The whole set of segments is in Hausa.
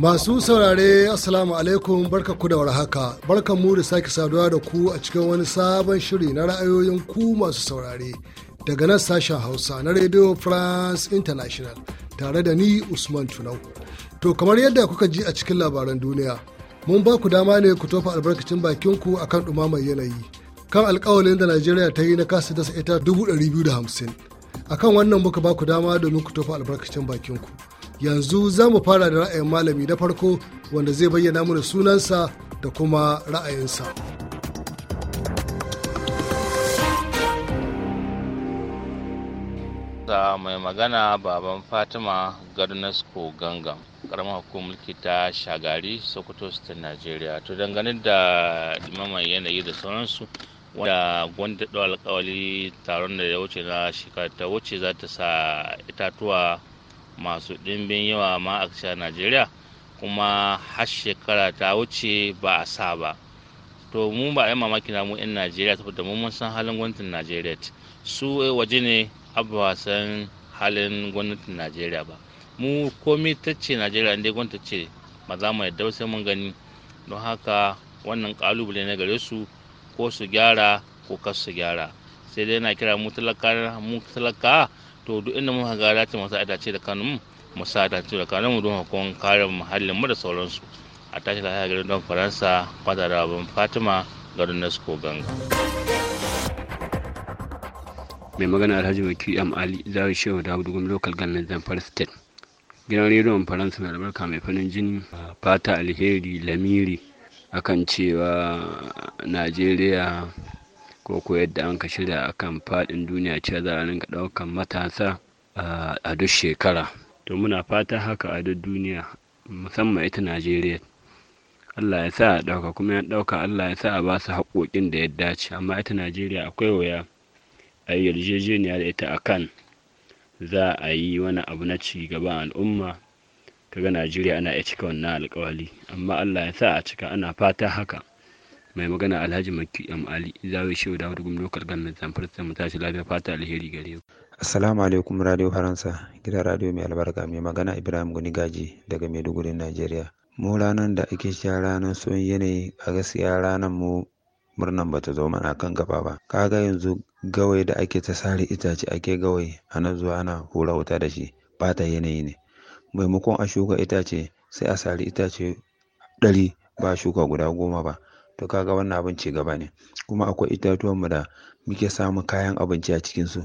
Masu saurare Assalamu alaikum ku da warhaka barka mu da sake saduwa da ku a cikin wani sabon shiri na ra'ayoyin ku masu saurare daga nan sashen Hausa na Radio France International tare da ni Usman Tunau. To kamar yadda kuka ji a cikin labaran duniya mun ba ku dama ne ku tofa albarkacin bakin ku akan ɗumamar yanayi kan alkawalin da Najeriya ta yi na kasa dasa ita 250 akan wannan muka ba ku dama domin ku tofa albarkacin bakinku yanzu za mu fara da ra'ayin malami na farko wanda zai bayyana mana sunansa da kuma ra'ayinsa sa mai magana baban fatima garnasko gangan karamar hukumar ta shagari sokoto state nigeria to dangane da imaman yanayi da sauransu wanda gwanda ɗau alkawali taron da ya wuce na shekara ta wuce za ta sa itatuwa masu ɗimbin yawa ma a kasar najeriya kuma har shekara ta wuce ba a sa ba to mu ba a yi mamaki na mu 'yan najeriya saboda mu mun san halin gwamnatin najeriya su waje ne abuwa san halin gwamnatin najeriya ba mu komai ta ce najeriya inda gwamnati ce ba za mu yadda sai mun gani don haka wannan kalubale na gare su ko su gyara ko kas su gyara sai dai na kira mu talaka mu talaka to duk inda mun ga dace masa a dace da kanun mu sa dace da mu don hakon kare muhallin mu da sauransu a tashi da garin don faransa da abin fatima garin nasko ganga mai magana alhaji mai qm ali a shewa da abu local government zamfara state gidan rediyon faransa mai albarka mai fanin jini fata alheri lamiri akan cewa najeriya ko ko yadda an ka shirya akan faɗin duniya ce, za a rinka ɗaukan matasa a duk shekara to muna fata haka a duk duniya musamman ita najeriya allah ya sa a ɗauka kuma ya ɗauka allah ya sa a ba su haƙoƙin da ya dace amma ita najeriya akwai waya a yarjejeniya da ita akan za a yi wani abu na ci gaban al'umma kaga najeriya ana iya cika wannan alkawali amma allah ya sa a cika ana fata haka mai magana alhaji makki am ali zawai shehu da wadda lokal gannan zamfar ta mu tashi lafiya fata alheri gare ku assalamu alaikum radio faransa gidan radio mai albarka mai magana ibrahim guni gaji daga maiduguri najeriya mu ranar da ake sha ranar son yanayi a gaskiya ranar mu murnan bata zo mana kan gaba ba kaga yanzu gawai da ake ta sare itace ake gawai ana zuwa ana hura wuta da shi bata yanayi ne maimakon a shuka itace sai a sari itace ɗari ba shuka guda goma ba to kaga wannan abin ci gaba ne kuma akwai itatuwanmu da muke samun kayan abinci a cikinsu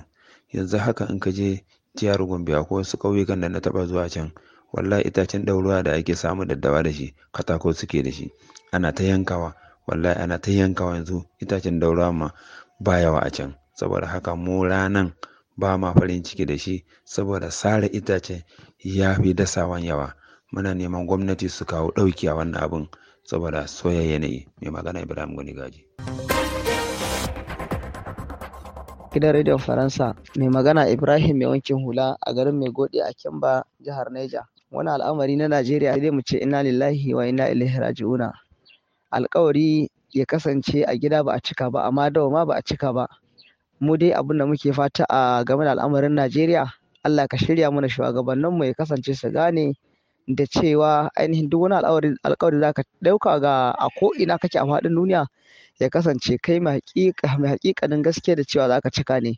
yanzu haka in ka je jihar gombe ko wasu ƙauyukan da na taɓa zuwa can wallahi itacen ɗauruwa da ake samun daddawa da shi katako suke da shi ana ta yankawa wallahi ana ta yankawa yanzu itacen ɗaurawa ma ba yawa a can saboda haka mu ranan ba ma farin ciki da shi saboda sare itacen ya fi dasawan yawa muna neman gwamnati su kawo ɗauki a wannan abin saboda soya yanayi mai magana ibrahim gani gaji gidan rediyon faransa mai magana ibrahim mai wankin hula a garin mai gode a kimba jihar neja wani al'amari na najeriya dai mu ce ina lillahi wa ina ilaihi raji'una alkawari ya kasance a gida ba a cika ba amma dawa ma ba a cika ba mu dai abin da muke fata a game da al'amarin Najeriya Allah ka shirya mana mu ya kasance su gane da cewa ainihin duk wani alkawari za ka ɗauka ga a ko ko'ina kake a faɗin duniya ya kasance kai mai haƙiƙanin gaskiya da cewa za ka cika ne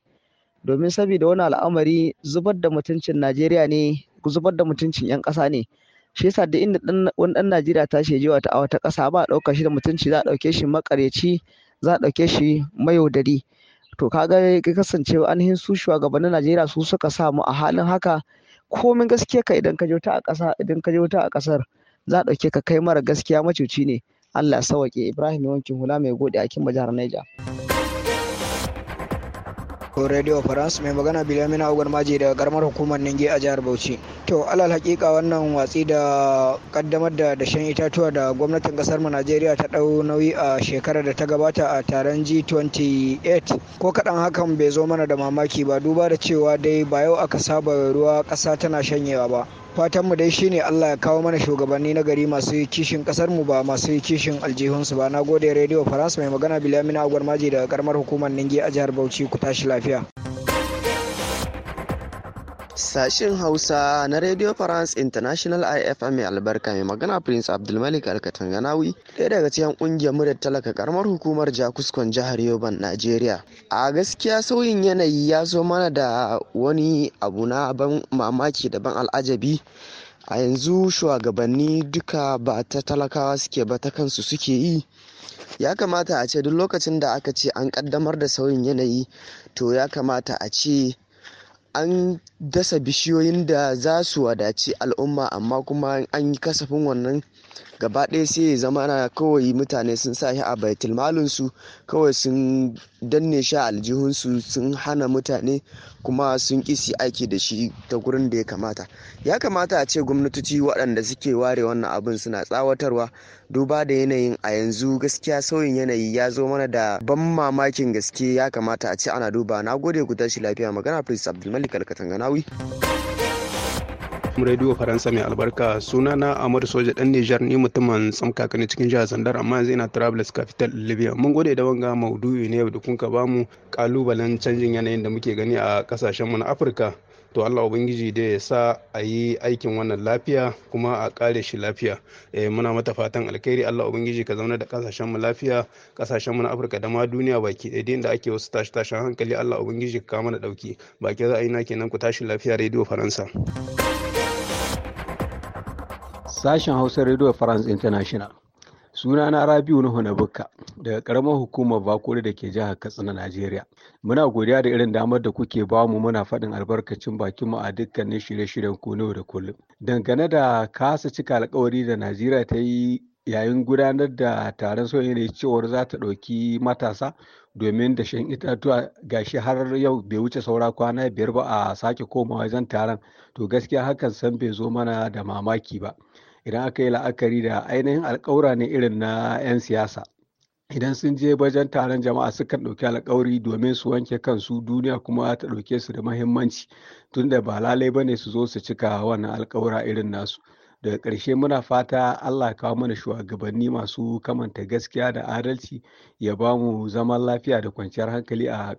domin saboda wani al'amari zubar da mutuncin Najeriya ne zubar da mutuncin 'yan ƙasa ne shi yasa da inda wani ɗan Najeriya ta shi jiwa ta a wata ƙasa ba a ɗauka shi da mutunci za a ɗauke shi maƙaryaci za a ɗauke shi mayaudari to kaga ya kasance ainihin su shugabannin Najeriya su suka samu a halin haka komin gaskiya ka idan ka je ta a ƙasa idan ka ta a ƙasar za a ɗauke ka kai mara gaskiya macuci ne Allah sawaƙe sawake Ibrahim wankin hula mai gode a Kimba jihar Niger ko radio france mai magana bilamina ogon maji daga karamar hukumar ninge a jihar bauchi to alal hakika wannan watsi da kaddamar da dashen itatuwa da gwamnatin kasar mu najeriya ta dau nauyi a shekarar da ta gabata a taron g28 ko kaɗan hakan bai zo mana da mamaki ba duba da cewa dai ba yau aka saba ruwa ƙasa tana shanyewa ba fatanmu mu dai shine Allah ya kawo mana shugabanni na gari masu kishin kasar ba masu kishin aljihunsu ba na gode radio France mai magana Bilamina Agwarmaji daga karamar hukumar Ninge a jihar Bauchi ku tashi lafiya Sashen Hausa na Radio France International IFM mai albarka mai magana Prince Abdulmalik Alkatanganawi ɗaya daga cikin ƙungiyar murar talaka karamar hukumar Jakuskon jihar Yoban, Najeriya. A gaskiya sauyin yanayi ya zo mana da wani abu na ban mamaki da ban al'ajabi. A yanzu shugabanni duka ba ta talakawa suke ba ta kansu suke yi. ya kamata a ce duk lokacin da aka ce an ƙaddamar da sauyin yanayi to ya kamata a ce an dasa bishiyoyin da za su wadaci al'umma amma kuma an yi kasafin wannan gaba ɗaya sai ya zama na kawai mutane sun sa shi a baitul malinsu kawai sun danne shi a aljihunsu sun hana mutane kuma sun kisi aiki da shi ta gurin da ya kamata ya kamata a ce gwamnatoci waɗanda suke ware wannan abin suna tsawatarwa duba da yanayin a yanzu gaskiya sauyin yanayi ya zo mana da ban mamakin gaske ya kamata a ce ana duba na gode ku tashi lafiya magana prince abdulmalik Radio Faransa mai albarka suna na Amadu Soja dan Nijar ni mutumin tsamkaka ne cikin jihar zandar amma yanzu ina Travelers Capital Libya. Mun gode da wanga maudu'i ne da kun ka bamu kalubalen canjin yanayin da muke gani a kasashen mu na Afirka. to Allah Ubangiji da ya sa a yi aikin wannan lafiya kuma a kare shi lafiya eh, muna mata fatan alkhairi Allah Ubangiji ka zauna da kasashen mu lafiya kasashen mu na Afirka da ma duniya baki ɗaya da ake wasu tashi tashin hankali Allah Ubangiji ka kama da dauki baki za a yi na kenan ku tashi lafiya rediyo Faransa. Sashen Hausa Radio France International. suna na Rabiu Nuhu na Bukka daga karamar hukumar Bakuri da ke jihar Katsina, Najeriya. Muna godiya da irin damar da kuke ba mu muna faɗin albarkacin bakin mu a dukkanin shirye-shiryen kuno da kullum. Dangane da kasa cika alkawari da Najeriya ta yi yayin gudanar da taron sauyi ne cewar za ta ɗauki matasa domin da shan itatuwa gashi har yau bai wuce saura kwana biyar ba a sake komawa zan taron to gaskiya hakan san bai zo mana da mamaki ba idan aka yi la'akari da ainihin alkawura ne irin na 'yan siyasa idan sun je wajen taron jama'a sukan ɗauki alkawari domin su wanke kansu duniya kuma ta ɗauke su da mahimmanci tunda ba lalai ba ne su zo su cika wannan alkawura irin nasu daga ƙarshe muna fata allah kawo mana shugabanni masu kamanta gaskiya da adalci ya ba mu zaman lafiya da kwanciyar hankali a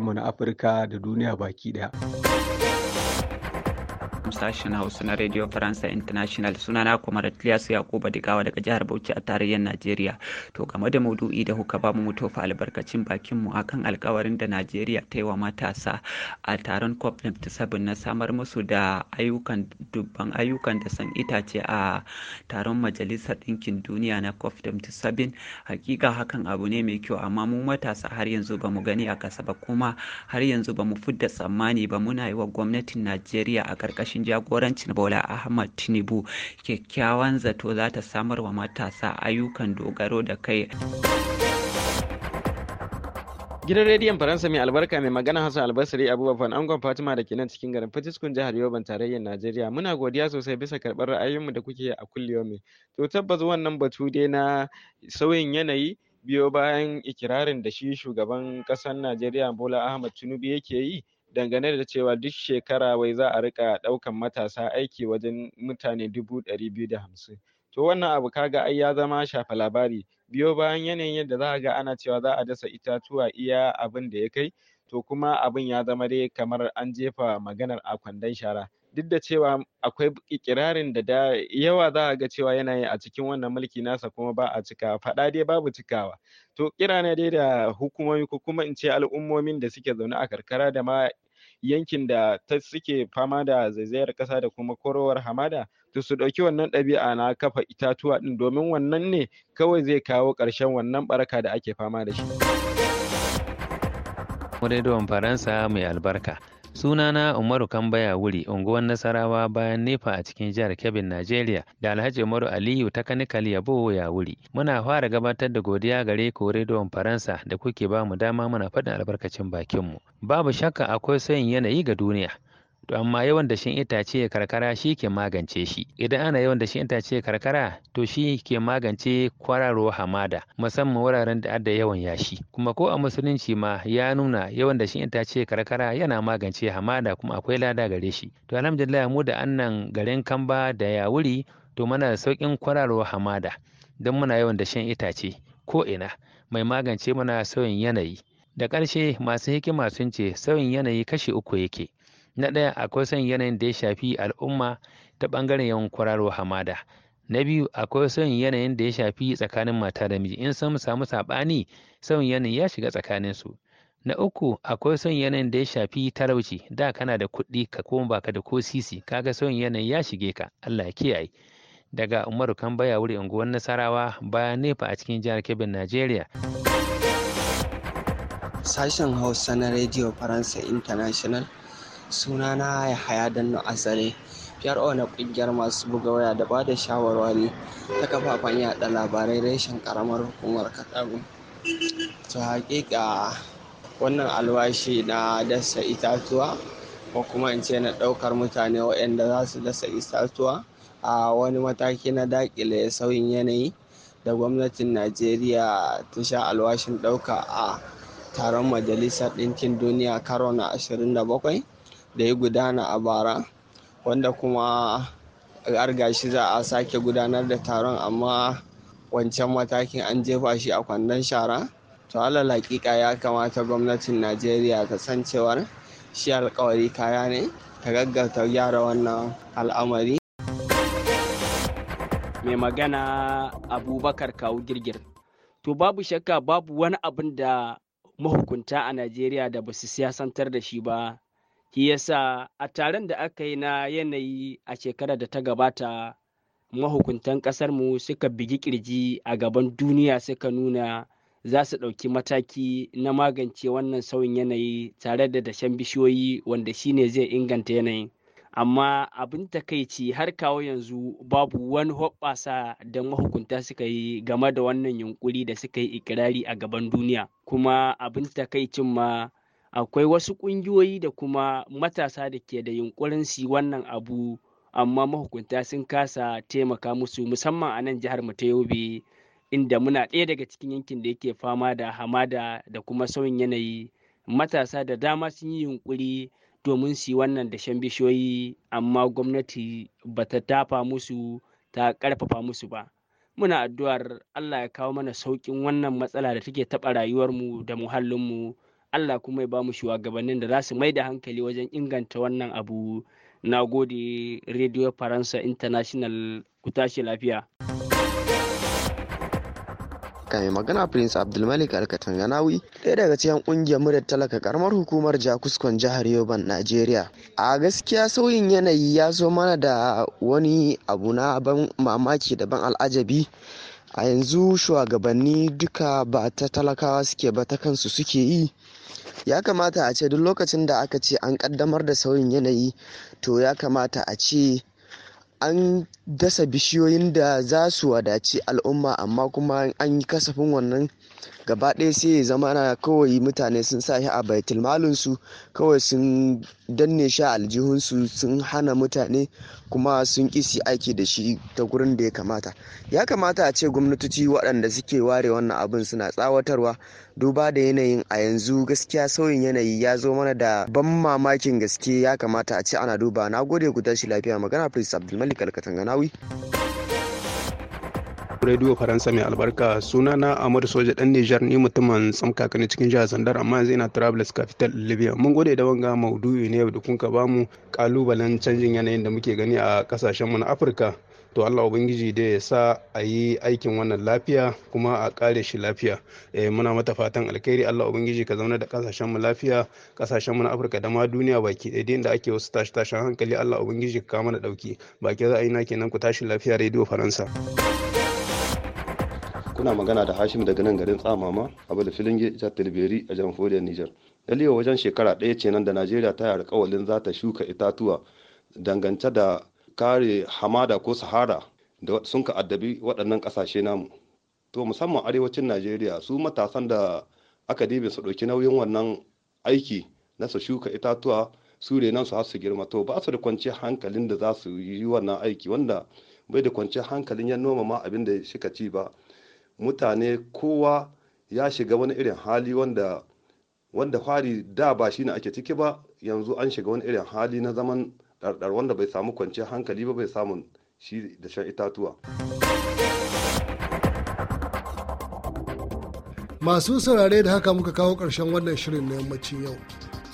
mu na afirka da duniya baki ɗaya. sashen hausa na radio faransa international suna sunana kuma ratiliyasu yakuba gawa daga jihar bauchi a tarayyar najeriya to game da maudu'i da kuka ba mu tofa albarkacin bakin mu akan alkawarin da najeriya ta yi wa matasa a taron cop 27 na samar musu da ayyukan dubban ayyukan da san itace a taron majalisar ɗinkin duniya na cop 27 hakika hakan abu ne mai kyau amma mu matasa har yanzu ba mu gani a kasa ba kuma har yanzu ba mu fidda tsammani ba muna yi wa gwamnatin najeriya a ƙarƙashin ƙarƙashin jagorancin Bola Ahmad Tinubu kyakkyawan zato za ta samar wa matasa ayyukan dogaro da kai. Gidan rediyon Faransa mai albarka mai magana Hassan Albasari Abubakar Angon Fatima da ke cikin garin Fatiskun jihar Yoban tarayyar Najeriya. Muna godiya sosai bisa karɓar ra'ayoyinmu da kuke a kulliyomi. To tabbas wannan batu dai na sauyin yanayi biyo bayan ikirarin da shi shugaban ƙasar Najeriya Bola Ahmed Tinubu yake yi dangane da cewa duk shekara wai za a riƙa ɗaukan matasa aiki wajen mutane dubu ɗari biyu da hamsin to wannan abu kaga ai ya zama shafa labari biyo bayan yanayin yadda za ga ana cewa za a dasa itatuwa iya abin da ya kai to kuma abin ya zama dai kamar an jefa maganar a kwandon shara duk da cewa akwai ikirarin da yawa za a ga cewa yana yi a cikin wannan mulki nasa kuma ba a cikawa faɗa dai babu cikawa to kira ne dai da hukumomi ko kuma in ce al'ummomin da suke zaune a karkara da ma yankin da ta suke fama da zaizayar ƙasa da kuma korowar hamada to su ɗauki wannan ɗabi'a na kafa itatuwa ɗin domin wannan ne kawai zai kawo ƙarshen wannan ɓaraka da ake fama da shi. Rediyon Faransa mai albarka. Sunana Umaru Kambaya Wuri, unguwar Nasarawa bayan Nefa a cikin jihar Kebbi, Najeriya, da Alhaji Umaru Aliyu ta Kanikal Yabo ya wuri. Muna fara gabatar da godiya gare ku rediyon Faransa da kuke ba mu dama muna faɗin albarkacin bakinmu. Babu shakka akwai sauyin yanayi ga duniya. to amma yawan dashen itace karkara shi ke magance shi idan ana yawan dashen itace karkara to shi ke magance kwararowar hamada musamman wuraren da adda yawan yashi kuma ko a musulunci ma ya nuna yawan dashen itace karkara yana magance hamada kuma akwai lada gare shi to alhamdulillah mu da annan garin kamba da yawuri to muna da saukin kwararowar hamada don muna yawan dashen itace ko ina mai magance muna sauyin yanayi da ƙarshe masu hikima sun ce sauyin yanayi kashi uku yake na ɗaya akwai son yanayin da ya shafi al'umma ta ɓangaren yawan kwararo hamada na biyu akwai son yanayin da ya shafi tsakanin mata da miji in sun samu saɓani son yanayin ya shiga tsakanin su na uku akwai son yanayin da ya shafi talauci da kana da kuɗi ka koma baka da ko sisi kaga son yanayin ya shige ka Allah ya kiyaye daga Umaru baya wuri unguwar Nasarawa baya nefa a cikin jihar Kebbi Najeriya. Sashen Hausa na Radio Faransa International Sunana Yahaya Danno Asare, PRO na ƙungiyar masu buga waya da ba da shawarwari ta kafafen yaɗa labarai reshen ƙaramar hukumar kaɗaru To haƙiƙa wannan alwashi na dasa itatuwa ko kuma in ce na ɗaukar mutane waɗanda za su dasa itatuwa a wani mataki na daƙile sauyin yanayi da gwamnatin Najeriya ta sha alwashin ɗauka a taron Majalisar Ɗinkin Duniya karo na bakwai. da ya gudana a bara wanda kuma har gashi za a sake gudanar da taron amma wancan matakin an jefa shi a kwandon shara to alal hakika ya kamata gwamnatin najeriya ta san cewar shi alkawari kaya ne ta gaggata gyara wannan al'amari mai magana abubakar kawu girgir to babu shakka babu wani abin da mahukunta a najeriya da ba su siyasantar da shi ba yasa a taron da aka yi na yanayi a shekarar da ta gabata mahukuntan ƙasarmu suka bigi kirji a gaban duniya suka nuna za su ɗauki mataki na magance wannan sauyin yanayi tare da dashen bishiyoyi wanda shine zai inganta yanayin amma abin takaici har kawo yanzu babu wani hoɓɓasa da mahukunta suka yi game da wannan yunkuri da suka yi ikirari a gaban duniya kuma abin takaicin ma akwai wasu ƙungiyoyi da kuma matasa da ke da yunkurin su wannan abu amma mahukunta sun kasa taimaka musu musamman a nan jihar mu ta yobe inda muna ɗaya daga cikin yankin da yake fama da hamada da kuma sauyin yanayi matasa da dama sun yi yunkuri domin su wannan dashen bishiyoyi amma gwamnati ba ta tafa musu ta ƙarfafa musu ba muna addu'ar allah ya kawo mana sauƙin wannan matsala da take taɓa rayuwarmu da muhallinmu Allah kuma ya bamu shugabannin da za su mai da hankali wajen inganta wannan abu na gode radio faransa international ku tashi lafiya mai magana prince abdulmalik alkatanganawi ɗaya daga cikin ƙungiyar murar talaka karamar hukumar jakuskon jihar yoban najeriya a gaskiya sauyin yanayi ya zo mana da wani abu na ban mamaki da ban al'ajabi a yanzu shugabanni duka ba ta talakawa suke ba ta kansu suke yi ya kamata a ce duk lokacin da aka ce an kaddamar da sauyin yanayi to ya kamata a ce an dasa bishiyoyin da za su wadaci al'umma amma kuma an yi kasafin wannan gaba ɗaya sai ya zama na kawai mutane sun sa shi a baitul su kawai sun danne shi a su sun hana mutane kuma sun kisi aiki da shi ta gurin da ya kamata ya kamata a ce gwamnatoci waɗanda suke ware wannan abin suna tsawatarwa duba da yanayin a yanzu gaskiya sauyin yanayi ya zo mana da ban mamakin gaske ya kamata a ce ana duba na gode ku tashi lafiya magana prince abdulmalik alkatanganawi rediyo faransa mai albarka suna na amadu soja dan nijar ni mutumin tsamka ne cikin jihar zandar amma yanzu ina travelers capital libya mun gode da wanga maudu'i ne da kun ka bamu kalubalen canjin yanayin da muke gani a kasashen mu na afirka to allah ubangiji da ya sa a yi aikin wannan lafiya kuma a kare shi lafiya eh, muna mata fatan alkhairi allah ubangiji ka zauna da kasashen mu lafiya kasashen mu na afirka da ma duniya baki ɗaya inda ake wasu tashi tashin hankali allah ubangiji ka kama da ɗauki baki za a yi na kenan ku tashi lafiya rediyo faransa. kuna magana da hashim daga nan garin tsamama abu da filin jihar talibiri a jamhuriyar niger dalilin wajen shekara ɗaya ce nan da najeriya ta yi alkawalin za ta shuka itatuwa dangance da kare hamada ko sahara da sun ka addabi waɗannan ƙasashe namu to musamman arewacin najeriya su matasan da aka dibe su ɗauki nauyin wannan aiki na su shuka itatuwa su renan su har su girma to ba su da kwanciyar hankalin da za su yi wannan aiki wanda bai da kwanciyar hankalin 'yan noma ma abin da shika ci ba mutane kowa ya shiga wani irin hali wanda wanda fari da ba shi ne ake ciki ba yanzu an shiga wani irin hali na zaman ɗarɗar wanda bai samu kwanciyar hankali ba bai samu shi da shan itatuwa. Masu saurare da haka muka kawo ƙarshen wannan shirin na yammacin yau.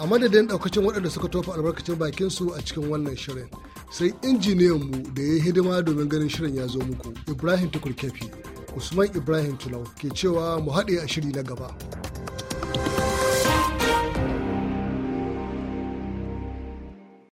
A madadin ɗaukacin waɗanda suka tofa albarkacin bakin su a cikin wannan shirin. Sai injiniyanmu da ya yi hidima domin ganin shirin ya zo muku, Ibrahim Tukur Kefi. Usman Ibrahim Tulau ke cewa mu haɗe a shiri na gaba.